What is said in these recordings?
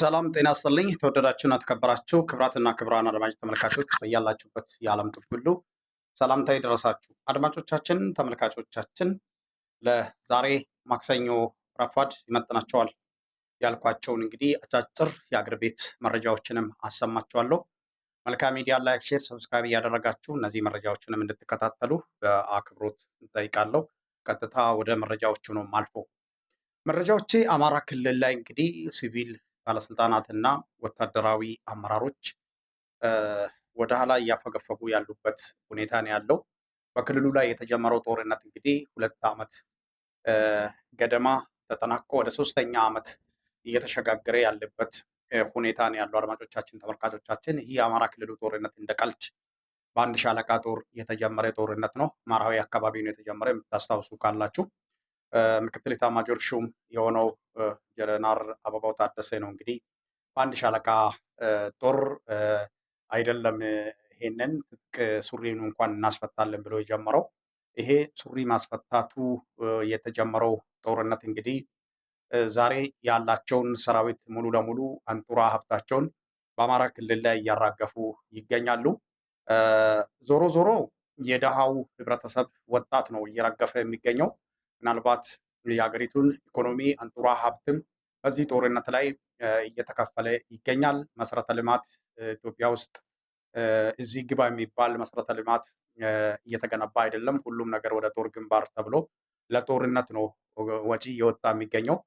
ሰላም ጤና ስጥልኝ። ተወደዳችሁና ተከበራችሁ ክብራትና ክብራን አድማጭ ተመልካቾች በያላችሁበት የዓለም ጥግ ሁሉ ሰላምታ ይደረሳችሁ። አድማጮቻችን፣ ተመልካቾቻችን ለዛሬ ማክሰኞ ረፋድ ይመጥናቸዋል ያልኳቸውን እንግዲህ አጫጭር የአገር ቤት መረጃዎችንም አሰማችኋለሁ። መልካም ሚዲያ ላይክ፣ ሼር፣ ሰብስክራይብ እያደረጋችሁ እነዚህ መረጃዎችንም እንድትከታተሉ በአክብሮት እንጠይቃለሁ። ቀጥታ ወደ መረጃዎቹ ነው አልፎ መረጃዎቼ አማራ ክልል ላይ እንግዲህ ሲቪል ባለስልጣናትና ወታደራዊ አመራሮች ወደ ኋላ እያፈገፈጉ ያሉበት ሁኔታ ነው ያለው። በክልሉ ላይ የተጀመረው ጦርነት እንግዲህ ሁለት ዓመት ገደማ ተጠናቆ ወደ ሶስተኛ ዓመት እየተሸጋገረ ያለበት ሁኔታ ነው ያለው። አድማጮቻችን፣ ተመልካቾቻችን ይህ የአማራ ክልሉ ጦርነት እንደ ቀልድ በአንድ ሻለቃ ጦር የተጀመረ ጦርነት ነው። ማራዊ አካባቢ ነው የተጀመረ የምታስታውሱ ካላችሁ ምክትል ኤታማዦር ሹም የሆነው ጀነራል አበባው ታደሰ ነው። እንግዲህ በአንድ ሻለቃ ጦር አይደለም ይሄንን ትጥቅ ሱሪን እንኳን እናስፈታለን ብሎ የጀመረው ይሄ ሱሪ ማስፈታቱ የተጀመረው ጦርነት እንግዲህ ዛሬ ያላቸውን ሰራዊት ሙሉ ለሙሉ አንጡራ ሀብታቸውን በአማራ ክልል ላይ እያራገፉ ይገኛሉ። ዞሮ ዞሮ የደሃው ህብረተሰብ ወጣት ነው እየረገፈ የሚገኘው። ምናልባት የሀገሪቱን ኢኮኖሚ አንጡራ ሀብትም በዚህ ጦርነት ላይ እየተከፈለ ይገኛል። መሰረተ ልማት ኢትዮጵያ ውስጥ እዚህ ግባ የሚባል መሰረተ ልማት እየተገነባ አይደለም። ሁሉም ነገር ወደ ጦር ግንባር ተብሎ ለጦርነት ነው ወጪ እየወጣ የሚገኘው።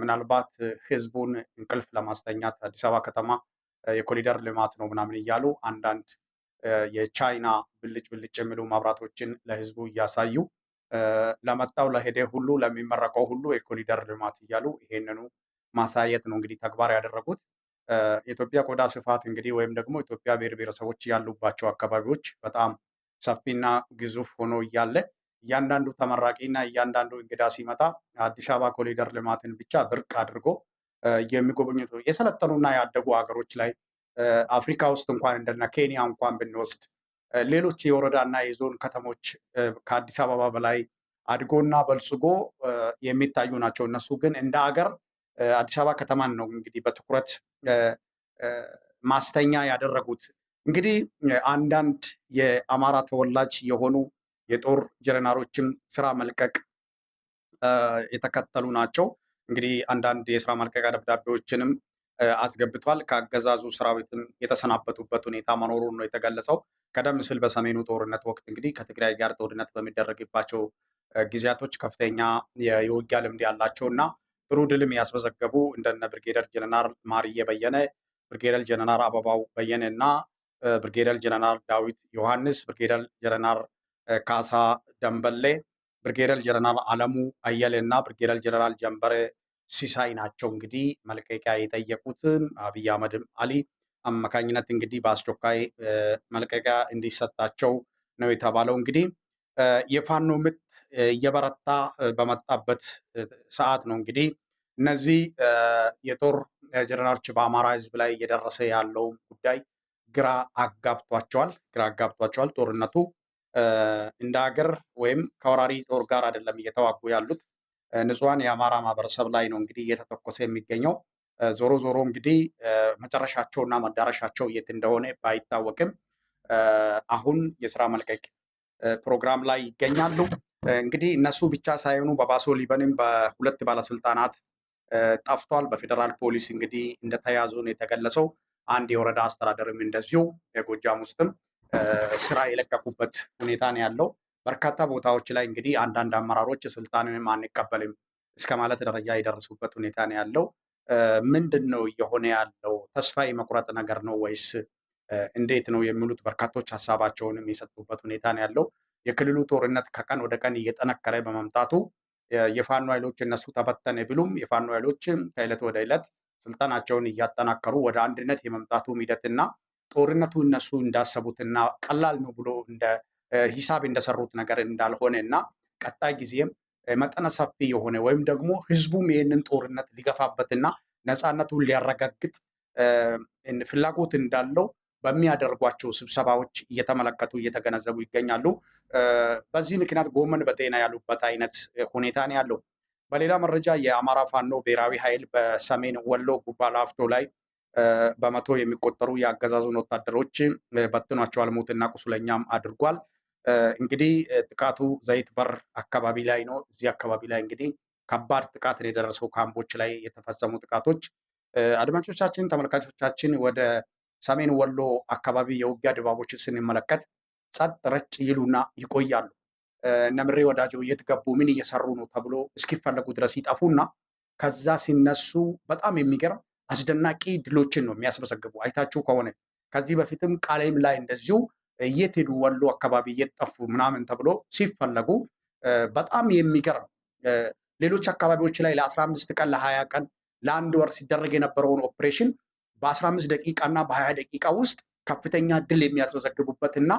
ምናልባት ህዝቡን እንቅልፍ ለማስተኛት አዲስ አበባ ከተማ የኮሪደር ልማት ነው ምናምን እያሉ አንዳንድ የቻይና ብልጭ ብልጭ የሚሉ መብራቶችን ለህዝቡ እያሳዩ ለመጣው ለሄደ ሁሉ ለሚመረቀው ሁሉ የኮሪደር ልማት እያሉ ይሄንኑ ማሳየት ነው እንግዲህ ተግባር ያደረጉት። የኢትዮጵያ ቆዳ ስፋት እንግዲህ ወይም ደግሞ ኢትዮጵያ ብሔር ብሔረሰቦች ያሉባቸው አካባቢዎች በጣም ሰፊና ግዙፍ ሆኖ እያለ እያንዳንዱ ተመራቂና እያንዳንዱ እንግዳ ሲመጣ አዲስ አበባ ኮሪደር ልማትን ብቻ ብርቅ አድርጎ የሚጎበኙት የሰለጠኑና ያደጉ ሀገሮች ላይ አፍሪካ ውስጥ እንኳን እንደነ ኬንያ እንኳን ብንወስድ ሌሎች የወረዳና የዞን ከተሞች ከአዲስ አበባ በላይ አድጎና በልጽጎ የሚታዩ ናቸው። እነሱ ግን እንደ አገር አዲስ አበባ ከተማን ነው እንግዲህ በትኩረት ማስተኛ ያደረጉት። እንግዲህ አንዳንድ የአማራ ተወላጅ የሆኑ የጦር ጀነራሎችም ስራ መልቀቅ የተከተሉ ናቸው። እንግዲህ አንዳንድ የስራ መልቀቂያ ደብዳቤዎችንም አስገብቷል። ከአገዛዙ ሰራዊትም የተሰናበቱበት ሁኔታ መኖሩን ነው የተገለጸው። ቀደም ሲል በሰሜኑ ጦርነት ወቅት እንግዲህ ከትግራይ ጋር ጦርነት በሚደረግባቸው ጊዜያቶች ከፍተኛ የውጊያ ልምድ ያላቸው እና ጥሩ ድልም ያስመዘገቡ እንደነ ብርጌደር ጀነራል ማርዬ በየነ፣ ብርጌደር ጀነራል አበባው በየነ እና ብርጌደር ጀነራል ዳዊት ዮሐንስ፣ ብርጌደር ጀነራል ካሳ ደንበሌ፣ ብርጌደር ጀነራል አለሙ አየለ እና ብርጌደር ጀነራል ጀንበሬ ሲሳይ ናቸው። እንግዲህ መልቀቂያ የጠየቁትም አብይ አህመድ አሊ አማካኝነት እንግዲህ በአስቸኳይ መልቀቂያ እንዲሰጣቸው ነው የተባለው። እንግዲህ የፋኖ ምት እየበረታ በመጣበት ሰዓት ነው እንግዲህ እነዚህ የጦር ጀነራሎች በአማራ ህዝብ ላይ እየደረሰ ያለው ጉዳይ ግራ አጋብቷቸዋል። ግራ አጋብቷቸዋል። ጦርነቱ እንደ ሀገር ወይም ከወራሪ ጦር ጋር አይደለም እየተዋጉ ያሉት ንጹሐን የአማራ ማህበረሰብ ላይ ነው እንግዲህ እየተተኮሰ የሚገኘው። ዞሮ ዞሮ እንግዲህ እና መዳረሻቸው የት እንደሆነ ባይታወቅም አሁን የስራ መልቀቅ ፕሮግራም ላይ ይገኛሉ። እንግዲህ እነሱ ብቻ ሳይሆኑ በባሶ ሊበንም በሁለት ባለስልጣናት ጠፍቷል። በፌዴራል ፖሊስ እንግዲህ እንደተያዙ ነው የተገለጸው። አንድ የወረዳ አስተዳደርም እንደዚሁ የጎጃም ውስጥም ስራ የለቀቁበት ሁኔታ ነው ያለው። በርካታ ቦታዎች ላይ እንግዲህ አንዳንድ አመራሮች ስልጣንን አንቀበልም እስከ ማለት ደረጃ የደረሱበት ሁኔታ ነው ያለው። ምንድን ነው እየሆነ ያለው? ተስፋ የመቁረጥ ነገር ነው ወይስ እንዴት ነው የሚሉት በርካቶች ሀሳባቸውንም የሰጡበት ሁኔታ ነው ያለው። የክልሉ ጦርነት ከቀን ወደ ቀን እየጠነከረ በመምጣቱ የፋኖ ኃይሎች እነሱ ተበተነ ቢሉም የፋኖ ኃይሎች ከዕለት ወደ ዕለት ስልጠናቸውን እያጠናከሩ ወደ አንድነት የመምጣቱ ሂደትና ጦርነቱ እነሱ እንዳሰቡትና ቀላል ነው ብሎ እንደ ሂሳብ እንደሰሩት ነገር እንዳልሆነ እና ቀጣይ ጊዜም መጠነ ሰፊ የሆነ ወይም ደግሞ ህዝቡም ይህንን ጦርነት ሊገፋበትና ነፃነቱን ሊያረጋግጥ ፍላጎት እንዳለው በሚያደርጓቸው ስብሰባዎች እየተመለከቱ እየተገነዘቡ ይገኛሉ። በዚህ ምክንያት ጎመን በጤና ያሉበት አይነት ሁኔታ ነው ያለው። በሌላ መረጃ የአማራ ፋኖ ብሔራዊ ኃይል በሰሜን ወሎ ጉባ ላፍቶ ላይ በመቶ የሚቆጠሩ የአገዛዙን ወታደሮች በትኗቸዋል፣ ሙትና ቁስለኛም አድርጓል። እንግዲህ ጥቃቱ ዘይት በር አካባቢ ላይ ነው። እዚህ አካባቢ ላይ እንግዲህ ከባድ ጥቃት የደረሰው ካምፖች ላይ የተፈጸሙ ጥቃቶች። አድማጮቻችን፣ ተመልካቾቻችን ወደ ሰሜን ወሎ አካባቢ የውጊያ ድባቦችን ስንመለከት ጸጥ ረጭ ይሉና ይቆያሉ። እነምሬ ወዳጆ የት ገቡ፣ ምን እየሰሩ ነው ተብሎ እስኪፈለጉ ድረስ ይጠፉና ከዛ ሲነሱ በጣም የሚገርም አስደናቂ ድሎችን ነው የሚያስመዘግቡ። አይታችሁ ከሆነ ከዚህ በፊትም ቃሌም ላይ እንደዚሁ የት ሄዱ ወሎ አካባቢ የት ጠፉ ምናምን ተብሎ ሲፈለጉ በጣም የሚገርም ሌሎች አካባቢዎች ላይ ለአስራ አምስት ቀን ለሀያ ቀን ለአንድ ወር ሲደረግ የነበረውን ኦፕሬሽን በአስራ አምስት ደቂቃ እና በሀያ ደቂቃ ውስጥ ከፍተኛ ድል የሚያስመዘግቡበት እና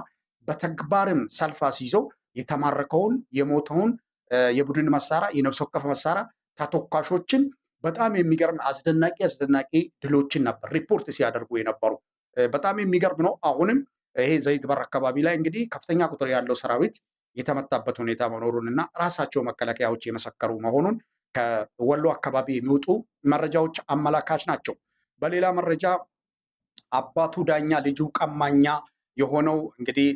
በተግባርም ሰልፍ አስይዘው የተማረከውን የሞተውን የቡድን መሳሪያ የነፍስ ወከፍ መሳሪያ ተተኳሾችን በጣም የሚገርም አስደናቂ አስደናቂ ድሎችን ነበር ሪፖርት ሲያደርጉ የነበሩ። በጣም የሚገርም ነው። አሁንም ይሄ ዘይት በር አካባቢ ላይ እንግዲህ ከፍተኛ ቁጥር ያለው ሰራዊት የተመታበት ሁኔታ መኖሩን እና ራሳቸው መከላከያዎች የመሰከሩ መሆኑን ከወሎ አካባቢ የሚወጡ መረጃዎች አመላካች ናቸው። በሌላ መረጃ አባቱ ዳኛ ልጁ ቀማኛ የሆነው እንግዲህ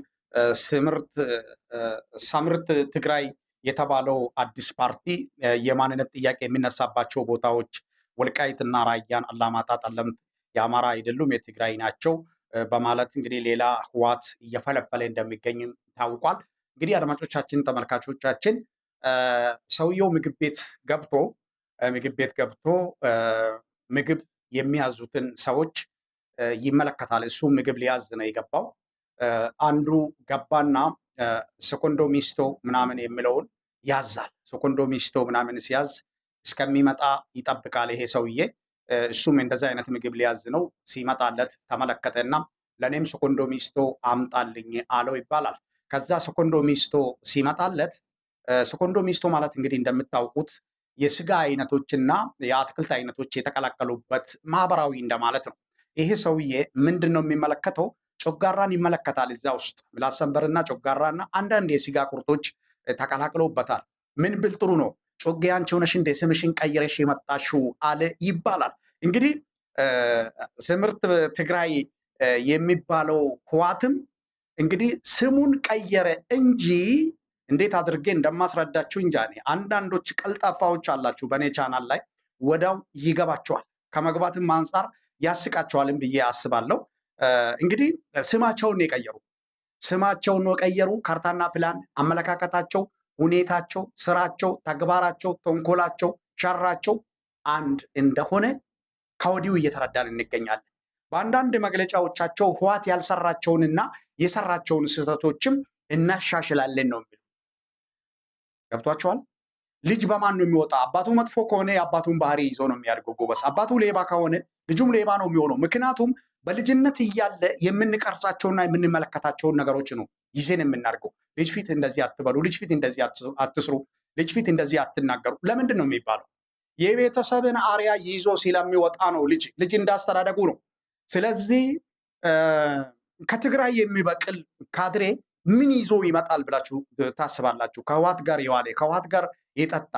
ሳምርት ትግራይ የተባለው አዲስ ፓርቲ የማንነት ጥያቄ የሚነሳባቸው ቦታዎች ወልቃይትና ራያን፣ አላማጣ፣ ጠለምት የአማራ አይደሉም የትግራይ ናቸው በማለት እንግዲህ ሌላ ህዋት እየፈለፈለ እንደሚገኝ ታውቋል። እንግዲህ አድማጮቻችን፣ ተመልካቾቻችን ሰውየው ምግብ ቤት ገብቶ ምግብ ቤት ገብቶ ምግብ የሚያዙትን ሰዎች ይመለከታል። እሱ ምግብ ሊያዝ ነው የገባው። አንዱ ገባና ሰኮንዶ ሚስቶ ምናምን የሚለውን ያዛል። ሰኮንዶ ሚስቶ ምናምን ሲያዝ እስከሚመጣ ይጠብቃል ይሄ ሰውዬ። እሱም እንደዚህ አይነት ምግብ ሊያዝ ነው። ሲመጣለት ተመለከተና ለእኔም ሶኮንዶ ሚስቶ አምጣልኝ አለው ይባላል። ከዛ ሶኮንዶ ሚስቶ ሲመጣለት ሶኮንዶ ሚስቶ ማለት እንግዲህ እንደምታውቁት የስጋ አይነቶችና የአትክልት አይነቶች የተቀላቀሉበት ማህበራዊ እንደማለት ነው። ይሄ ሰውዬ ምንድን ነው የሚመለከተው? ጮጋራን ይመለከታል። እዛ ውስጥ ምላስ ጮጋራና አንዳንድ የስጋ ቁርጦች ተቀላቅለውበታል። ምን ብል ጥሩ ነው ጮጌ አንቺ ሆነሽ እንደ ስምሽን ቀይረሽ የመጣሽው አለ ይባላል። እንግዲህ ስምርት ትግራይ የሚባለው ህዋትም እንግዲህ ስሙን ቀየረ እንጂ እንዴት አድርጌ እንደማስረዳችሁ እንጃ። እኔ አንዳንዶች ቀልጣፋዎች አላችሁ በእኔ ቻናል ላይ ወዳው ይገባቸዋል፣ ከመግባትም አንጻር ያስቃቸዋልም ብዬ አስባለሁ። እንግዲህ ስማቸውን የቀየሩ ስማቸውን የቀየሩ ካርታና ፕላን፣ አመለካከታቸው፣ ሁኔታቸው፣ ስራቸው፣ ተግባራቸው፣ ተንኮላቸው፣ ሸራቸው አንድ እንደሆነ ከወዲሁ እየተረዳን እንገኛለን። በአንዳንድ መግለጫዎቻቸው ህዋት ያልሰራቸውንና የሰራቸውን ስህተቶችም እናሻሽላለን ነው የሚሉ ገብቷቸዋል። ልጅ በማን ነው የሚወጣ? አባቱ መጥፎ ከሆነ የአባቱን ባህሪ ይዞ ነው የሚያድገው። ጎበስ አባቱ ሌባ ከሆነ ልጁም ሌባ ነው የሚሆነው። ምክንያቱም በልጅነት እያለ የምንቀርጻቸውና የምንመለከታቸውን ነገሮች ነው ይዘን የምናድገው። ልጅ ፊት እንደዚህ አትበሉ፣ ልጅ ፊት እንደዚህ አትስሩ፣ ልጅ ፊት እንደዚህ አትናገሩ ለምንድን ነው የሚባለው? የቤተሰብን አርያ ይዞ ስለሚወጣ ነው። ልጅ ልጅ እንዳስተዳደጉ ነው። ስለዚህ ከትግራይ የሚበቅል ካድሬ ምን ይዞ ይመጣል ብላችሁ ታስባላችሁ? ከህዋት ጋር የዋለ ከህዋት ጋር የጠጣ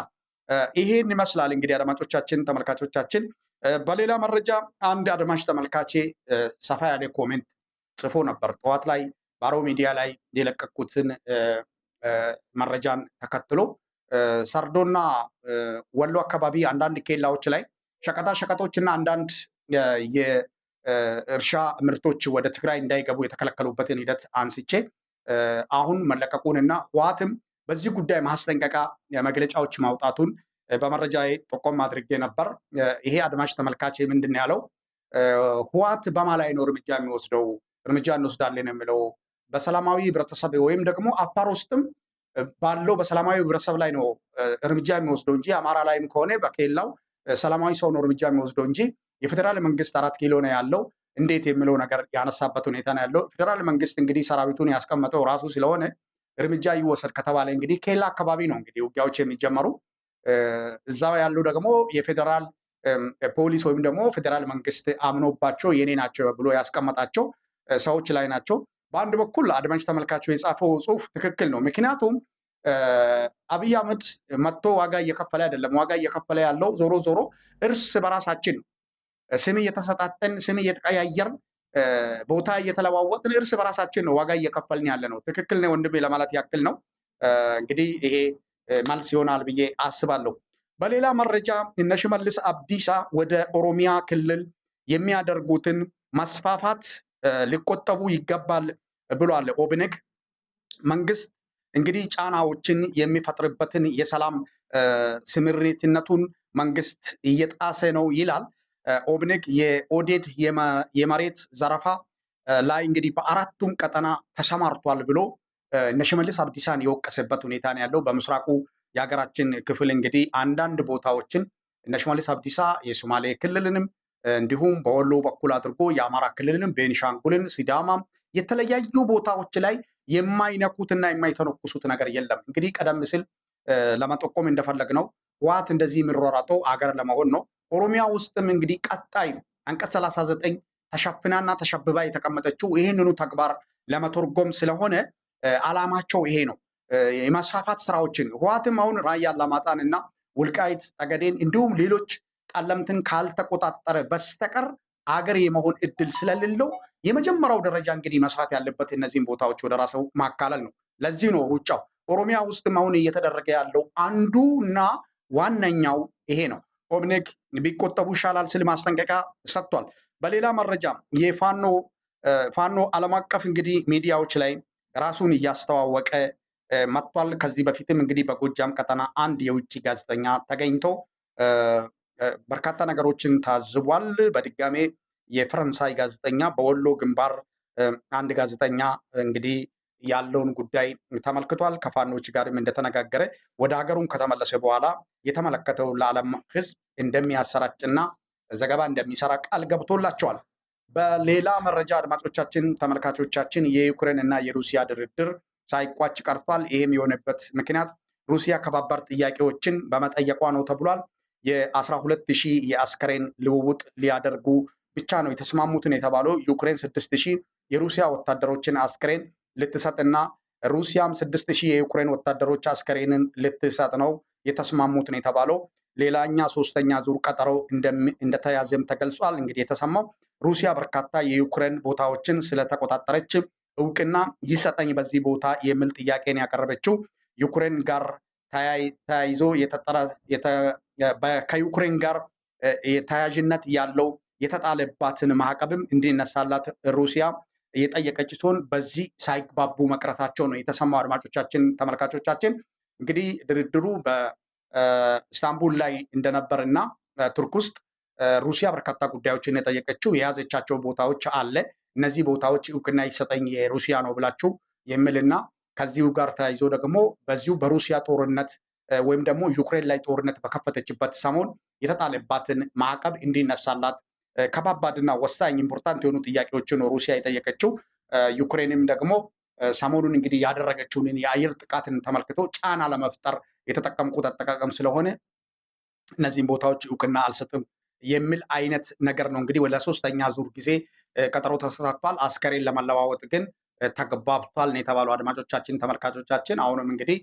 ይሄን ይመስላል። እንግዲህ አድማጮቻችን፣ ተመልካቾቻችን በሌላ መረጃ አንድ አድማጭ ተመልካቼ ሰፋ ያለ ኮሜንት ጽፎ ነበር። ጠዋት ላይ ባሮ ሚዲያ ላይ የለቀቁትን መረጃን ተከትሎ ሰርዶና ወሎ አካባቢ አንዳንድ ኬላዎች ላይ ሸቀጣ ሸቀጦችና አንዳንድ የእርሻ ምርቶች ወደ ትግራይ እንዳይገቡ የተከለከሉበትን ሂደት አንስቼ አሁን መለቀቁንና ህወሓትም በዚህ ጉዳይ ማስጠንቀቂያ መግለጫዎች ማውጣቱን በመረጃ ጠቆም አድርጌ ነበር። ይሄ አድማጭ ተመልካች ምንድን ያለው ህወሓት በማን ላይ ነው እርምጃ የሚወስደው? እርምጃ እንወስዳለን የሚለው በሰላማዊ ህብረተሰብ ወይም ደግሞ አፋር ውስጥም ባለው በሰላማዊ ህብረተሰብ ላይ ነው እርምጃ የሚወስደው እንጂ አማራ ላይም ከሆነ በኬላው ሰላማዊ ሰው ነው እርምጃ የሚወስደው እንጂ የፌዴራል መንግስት አራት ኪሎ ነው ያለው እንዴት የሚለው ነገር ያነሳበት ሁኔታ ነው ያለው። ፌዴራል መንግስት እንግዲህ ሰራዊቱን ያስቀመጠው ራሱ ስለሆነ እርምጃ ይወሰድ ከተባለ እንግዲህ ኬላ አካባቢ ነው እንግዲህ ውጊያዎች የሚጀመሩ እዛ ያሉ ደግሞ የፌዴራል ፖሊስ ወይም ደግሞ ፌዴራል መንግስት አምኖባቸው የኔ ናቸው ብሎ ያስቀመጣቸው ሰዎች ላይ ናቸው። በአንድ በኩል አድማጭ ተመልካቹ የጻፈው ጽሁፍ ትክክል ነው። ምክንያቱም አብይ አህመድ መጥቶ ዋጋ እየከፈለ አይደለም። ዋጋ እየከፈለ ያለው ዞሮ ዞሮ እርስ በራሳችን ነው። ስም እየተሰጣጠን፣ ስም እየተቀያየርን፣ ቦታ እየተለዋወጥን እርስ በራሳችን ነው ዋጋ እየከፈልን ያለ ነው። ትክክል ነው ወንድሜ ለማለት ያክል ነው። እንግዲህ ይሄ መልስ ይሆናል ብዬ አስባለሁ። በሌላ መረጃ እነ ሽመልስ አብዲሳ ወደ ኦሮሚያ ክልል የሚያደርጉትን ማስፋፋት ሊቆጠቡ ይገባል ብሏል። ኦብነግ መንግስት እንግዲህ ጫናዎችን የሚፈጥርበትን የሰላም ስምሪትነቱን መንግስት እየጣሰ ነው ይላል ኦብነግ። የኦዴድ የመሬት ዘረፋ ላይ እንግዲህ በአራቱም ቀጠና ተሰማርቷል ብሎ እነ ሽመልስ አብዲሳን የወቀሰበት ሁኔታ ነው ያለው። በምስራቁ የሀገራችን ክፍል እንግዲህ አንዳንድ ቦታዎችን እነ ሽመልስ አብዲሳ የሶማሌ ክልልንም እንዲሁም በወሎ በኩል አድርጎ የአማራ ክልልንም ቤኒሻንጉልን፣ ሲዳማም የተለያዩ ቦታዎች ላይ የማይነኩትና የማይተነኩሱት ነገር የለም። እንግዲህ ቀደም ሲል ለመጠቆም እንደፈለግ ነው ህወሓት እንደዚህ የሚሯሯጠው አገር ለመሆን ነው። ኦሮሚያ ውስጥም እንግዲህ ቀጣይ አንቀጽ 39 ተሸፍናና ተሸብባ የተቀመጠችው ይህንኑ ተግባር ለመተርጎም ስለሆነ አላማቸው ይሄ ነው። የማስፋፋት ስራዎችን ህወሓትም አሁን ራያ አላማጣን እና ውልቃይት ጠገዴን እንዲሁም ሌሎች ጠለምትን ካልተቆጣጠረ በስተቀር አገር የመሆን እድል ስለሌለው የመጀመሪያው ደረጃ እንግዲህ መስራት ያለበት እነዚህን ቦታዎች ወደ ራሰው ማካለል ነው። ለዚህ ነው ሩጫው ኦሮሚያ ውስጥም አሁን እየተደረገ ያለው አንዱና ዋነኛው ይሄ ነው። ኦብኔግ ቢቆጠቡ ይሻላል ስል ማስጠንቀቂያ ሰጥቷል። በሌላ መረጃ የፋኖ ፋኖ ዓለም አቀፍ እንግዲህ ሚዲያዎች ላይ ራሱን እያስተዋወቀ መጥቷል። ከዚህ በፊትም እንግዲህ በጎጃም ቀጠና አንድ የውጭ ጋዜጠኛ ተገኝቶ በርካታ ነገሮችን ታዝቧል። በድጋሜ የፈረንሳይ ጋዜጠኛ በወሎ ግንባር አንድ ጋዜጠኛ እንግዲህ ያለውን ጉዳይ ተመልክቷል። ከፋኖች ጋርም እንደተነጋገረ ወደ ሀገሩም ከተመለሰ በኋላ የተመለከተው ለዓለም ሕዝብ እንደሚያሰራጭና ዘገባ እንደሚሰራ ቃል ገብቶላቸዋል። በሌላ መረጃ አድማጮቻችን፣ ተመልካቾቻችን የዩክሬን እና የሩሲያ ድርድር ሳይቋጭ ቀርቷል። ይህም የሆነበት ምክንያት ሩሲያ ከባባድ ጥያቄዎችን በመጠየቋ ነው ተብሏል። የ12 ሺህ የአስከሬን ልውውጥ ሊያደርጉ ብቻ ነው የተስማሙትን የተባለው። ዩክሬን 6 ሺህ የሩሲያ ወታደሮችን አስከሬን ልትሰጥና ሩሲያም 6 ሺህ የዩክሬን ወታደሮች አስከሬንን ልትሰጥ ነው የተስማሙትን የተባለው። ሌላኛ ሶስተኛ ዙር ቀጠሮ እንደተያዘም ተገልጿል። እንግዲህ የተሰማው ሩሲያ በርካታ የዩክሬን ቦታዎችን ስለተቆጣጠረች እውቅና ይሰጠኝ በዚህ ቦታ የሚል ጥያቄን ያቀረበችው ዩክሬን ጋር ተያይዞ ከዩክሬን ጋር ተያያዥነት ያለው የተጣለባትን ማዕቀብም እንዲነሳላት ሩሲያ የጠየቀች ሲሆን በዚህ ሳይግባቡ መቅረታቸው ነው የተሰማው። አድማጮቻችን፣ ተመልካቾቻችን እንግዲህ ድርድሩ በኢስታንቡል ላይ እንደነበርና ቱርክ ውስጥ ሩሲያ በርካታ ጉዳዮችን የጠየቀችው የያዘቻቸው ቦታዎች አለ። እነዚህ ቦታዎች እውቅና ይሰጠኝ የሩሲያ ነው ብላችሁ የሚልና ከዚሁ ጋር ተያይዞ ደግሞ በዚሁ በሩሲያ ጦርነት ወይም ደግሞ ዩክሬን ላይ ጦርነት በከፈተችበት ሰሞን የተጣለባትን ማዕቀብ እንዲነሳላት ከባባድና ወሳኝ ኢምፖርታንት የሆኑ ጥያቄዎችን ሩሲያ የጠየቀችው ዩክሬንም ደግሞ ሰሞኑን እንግዲህ ያደረገችውን የአየር ጥቃትን ተመልክቶ ጫና ለመፍጠር የተጠቀምኩት አጠቃቀም ስለሆነ እነዚህም ቦታዎች እውቅና አልሰጥም የሚል አይነት ነገር ነው። እንግዲህ ለሶስተኛ ዙር ጊዜ ቀጠሮ ተሰጥቷል። አስከሬን ለመለዋወጥ ግን ተገባብቷል የተባሉ አድማጮቻችን፣ ተመልካቾቻችን አሁንም እንግዲህ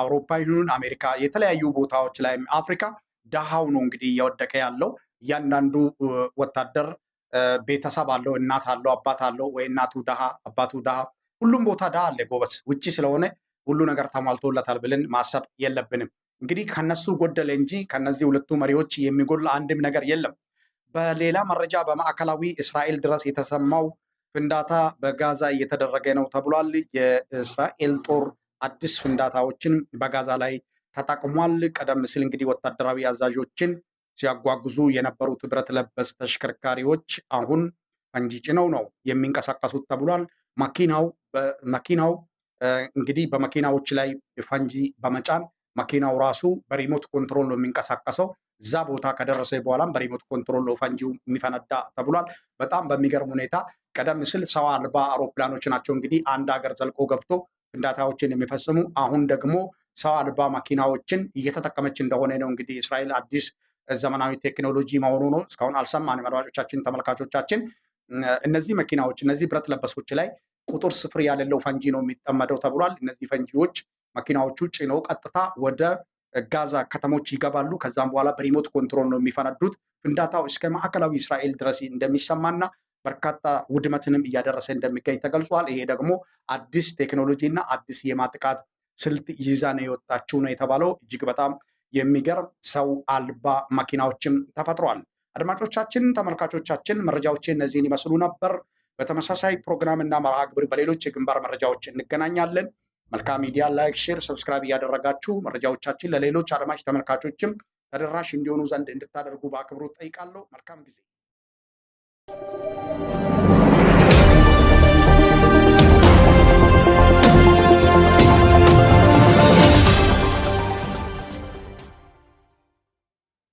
አውሮፓ ይሁን አሜሪካ የተለያዩ ቦታዎች ላይ አፍሪካ ደሃው ነው እንግዲህ እየወደቀ ያለው። እያንዳንዱ ወታደር ቤተሰብ አለው፣ እናት አለው፣ አባት አለው። ወይ እናቱ ደሃ አባቱ ደሃ፣ ሁሉም ቦታ ደሃ አለ ጎበስ። ውጭ ስለሆነ ሁሉ ነገር ተሟልቶለታል ብለን ማሰብ የለብንም። እንግዲህ ከነሱ ጎደለ እንጂ ከነዚህ ሁለቱ መሪዎች የሚጎል አንድም ነገር የለም። በሌላ መረጃ በማዕከላዊ እስራኤል ድረስ የተሰማው ፍንዳታ በጋዛ እየተደረገ ነው ተብሏል። የእስራኤል ጦር አዲስ ፍንዳታዎችን በጋዛ ላይ ተጠቅሟል። ቀደም ሲል እንግዲህ ወታደራዊ አዛዦችን ሲያጓጉዙ የነበሩት ብረት ለበስ ተሽከርካሪዎች አሁን ፈንጂ ጭነው ነው የሚንቀሳቀሱት ተብሏል። መኪናው መኪናው እንግዲህ በመኪናዎች ላይ ፈንጂ በመጫን መኪናው ራሱ በሪሞት ኮንትሮል ነው የሚንቀሳቀሰው። እዛ ቦታ ከደረሰ በኋላም በሪሞት ኮንትሮል ነው ፈንጂው የሚፈነዳ ተብሏል። በጣም በሚገርም ሁኔታ ቀደም ሲል ሰው አልባ አውሮፕላኖች ናቸው እንግዲህ አንድ ሀገር ዘልቆ ገብቶ ፍንዳታዎችን የሚፈጽሙ አሁን ደግሞ ሰው አልባ መኪናዎችን እየተጠቀመች እንደሆነ ነው እንግዲህ እስራኤል አዲስ ዘመናዊ ቴክኖሎጂ መሆኑ ነው። እስካሁን አልሰማንም። አድማጮቻችን፣ ተመልካቾቻችን እነዚህ መኪናዎች እነዚህ ብረት ለበሶች ላይ ቁጥር ስፍር ያለለው ፈንጂ ነው የሚጠመደው ተብሏል። እነዚህ ፈንጂዎች መኪናዎቹ ጭኖ ቀጥታ ወደ ጋዛ ከተሞች ይገባሉ። ከዛም በኋላ በሪሞት ኮንትሮል ነው የሚፈነዱት። ፍንዳታው እስከ ማዕከላዊ እስራኤል ድረስ እንደሚሰማና በርካታ ውድመትንም እያደረሰ እንደሚገኝ ተገልጿል። ይሄ ደግሞ አዲስ ቴክኖሎጂ እና አዲስ የማጥቃት ስልት ይዛ ነው የወጣችው ነው የተባለው። እጅግ በጣም የሚገርም ሰው አልባ መኪናዎችም ተፈጥሯል። አድማጮቻችን፣ ተመልካቾቻችን መረጃዎች እነዚህን ይመስሉ ነበር። በተመሳሳይ ፕሮግራም እና መርሃ ግብር በሌሎች የግንባር መረጃዎች እንገናኛለን። መልካም ሚዲያ ላይክ፣ ሼር፣ ሰብስክራይብ እያደረጋችሁ መረጃዎቻችን ለሌሎች አድማጭ ተመልካቾችም ተደራሽ እንዲሆኑ ዘንድ እንድታደርጉ በአክብሮት ጠይቃለሁ። መልካም ጊዜ